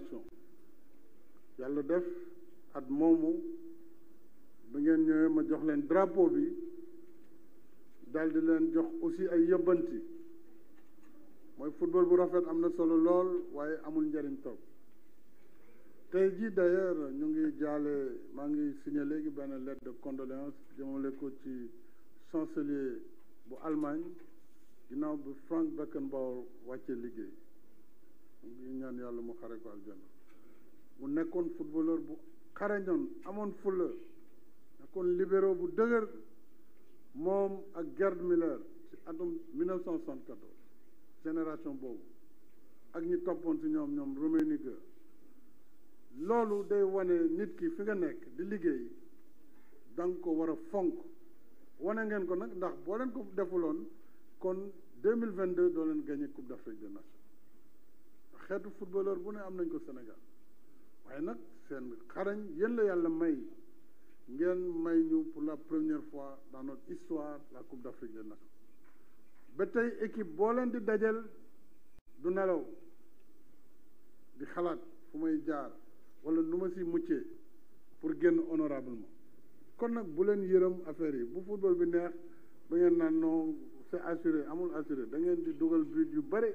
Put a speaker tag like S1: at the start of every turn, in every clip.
S1: coordination yàlla def at moomu ba ngeen ñëwee ma jox leen drapo bi daldi leen jox aussi ay yëbbanti mooy football bu rafet am na solo lool waaye amul njëriñ toog tey jii d'ailleurs ñu ngi jaale maa ngi signé léegi benn lettre de condoléance jëmale ko ci chancelier bu Allemagne ginnaaw bi Frank Beckenbauer wàccee liggéey ñaan yàlla mu xare ko mu footballeur bu xarañoon amoon fulla nekkoon libéro bu dëgër moom ak Gerd 1974 génération boobu ak ñi toppoon ci ñoom ñoom un day wane nit ki fi nga nekk di liggéey fonk ngeen ko ndax un ko kon 2022 doo gagné Coupe d'Afrique de Nations xeetu footballeur bu ne am nañ ko Sénégal waaye nag seen xarañ yéen la yàlla may ngeen may ñu pour la première fois dans notre histoire la coupe d' Afrique des Nations ba tey équipe boo leen di dajal du nelaw di xalaat fu may jaar wala nu ma si muccee pour génn honorablement kon nag bu leen yërëm affaire yi bu football bi neex ba ngeen naan non c' est assuré amul assuré da ngeen di dugal but yu bare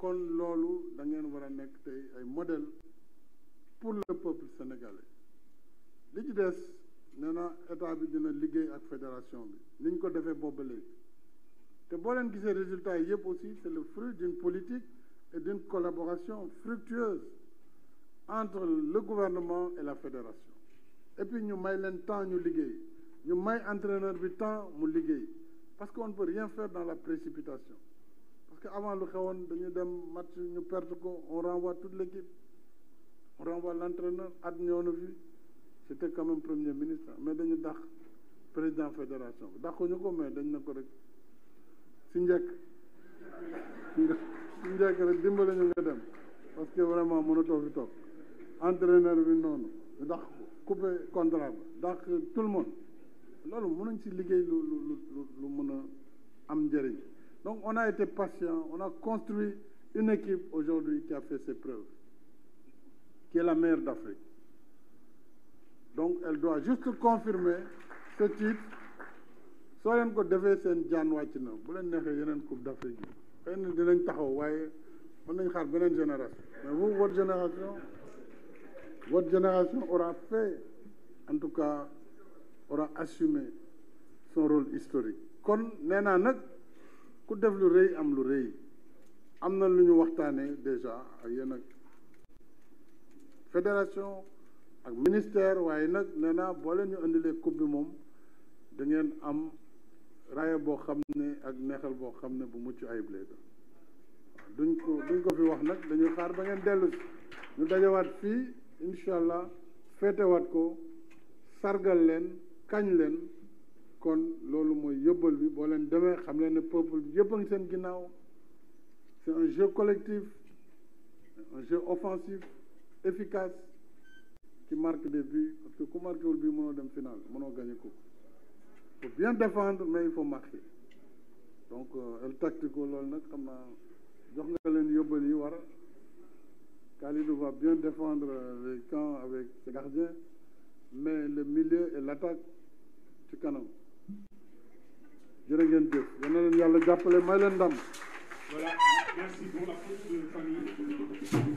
S1: kon un da ngeen modèle pour le peuple sénégalais li ci des nee état bi dina liggéey ak fédération bi niñ nous ko défé bobalé résultat c'est le fruit d'une politique et d'une collaboration fructueuse entre le gouvernement et la fédération et puis ñu may len temps ñu liggéey ñu may entraîneur bi temps mu liggéey parce qu'on ne peut rien faire dans la précipitation parce avant le xewoon dañu dem match ñu perte on renvoie toute l'équipe, on renvoie l'entraîneur, entraîneur at c'était quand même premier ministre mais dañu dàq président fédération la fédération. ko mais dañ na ko rek nous njëkk si ñu nga dem parce que vraiment mon fi toog entraîneur bi non. dàq ko coupé contrat ba dàq tout le monde loolu mënuñ si liggéey lu lu lu lu am donc on a été patient, on a construit une équipe aujourd'hui qui a fait ses preuves, qui est la mère d'Afrique. Donc elle doit juste confirmer ce titre. Si vous ko defee un Jan Wachino, na bu leen coupe d'Afrique Vous xëy na dinañ taxaw waaye génération mais vous votre génération votre génération aura fait en tout cas aura assumé son rôle historique kon nous, naa ku def lu rëy am lu rëy am na lu ñu waxtaanee déjà ak yéen ak fédération ak ministère waaye nag nee naa boo leen ñu indilee coupe moom da ngeen am raaya boo xam ne ak neexal boo xam ne bu mucc ayib lay duñ ko duñ ko fi wax nag dañuy xaar ba ngeen dellu si ñu dajawaat fii incha allah féetewaat ko sargal leen kañ leen kon loolu mooy yóbbal bi boo leen demee xam leen ne peuple bi yëpp a ngi seen ginnaaw c'est un jeu collectif un jeu offensif efficace qui marque des buts parce que ku marqué bi bii mënoo dem final mënoo gagné ko il faut bien défendre mais il faut marquer donc euh, el tactico loolu nag xam naa jox nga leen yóbbal yi war Khalidou va bien défendre les camps avec ses gardiens mais le milieu et l'attaque ci kanam jërë ngeen jëf yal na leen yàlla jàppale may leen ndam. voilà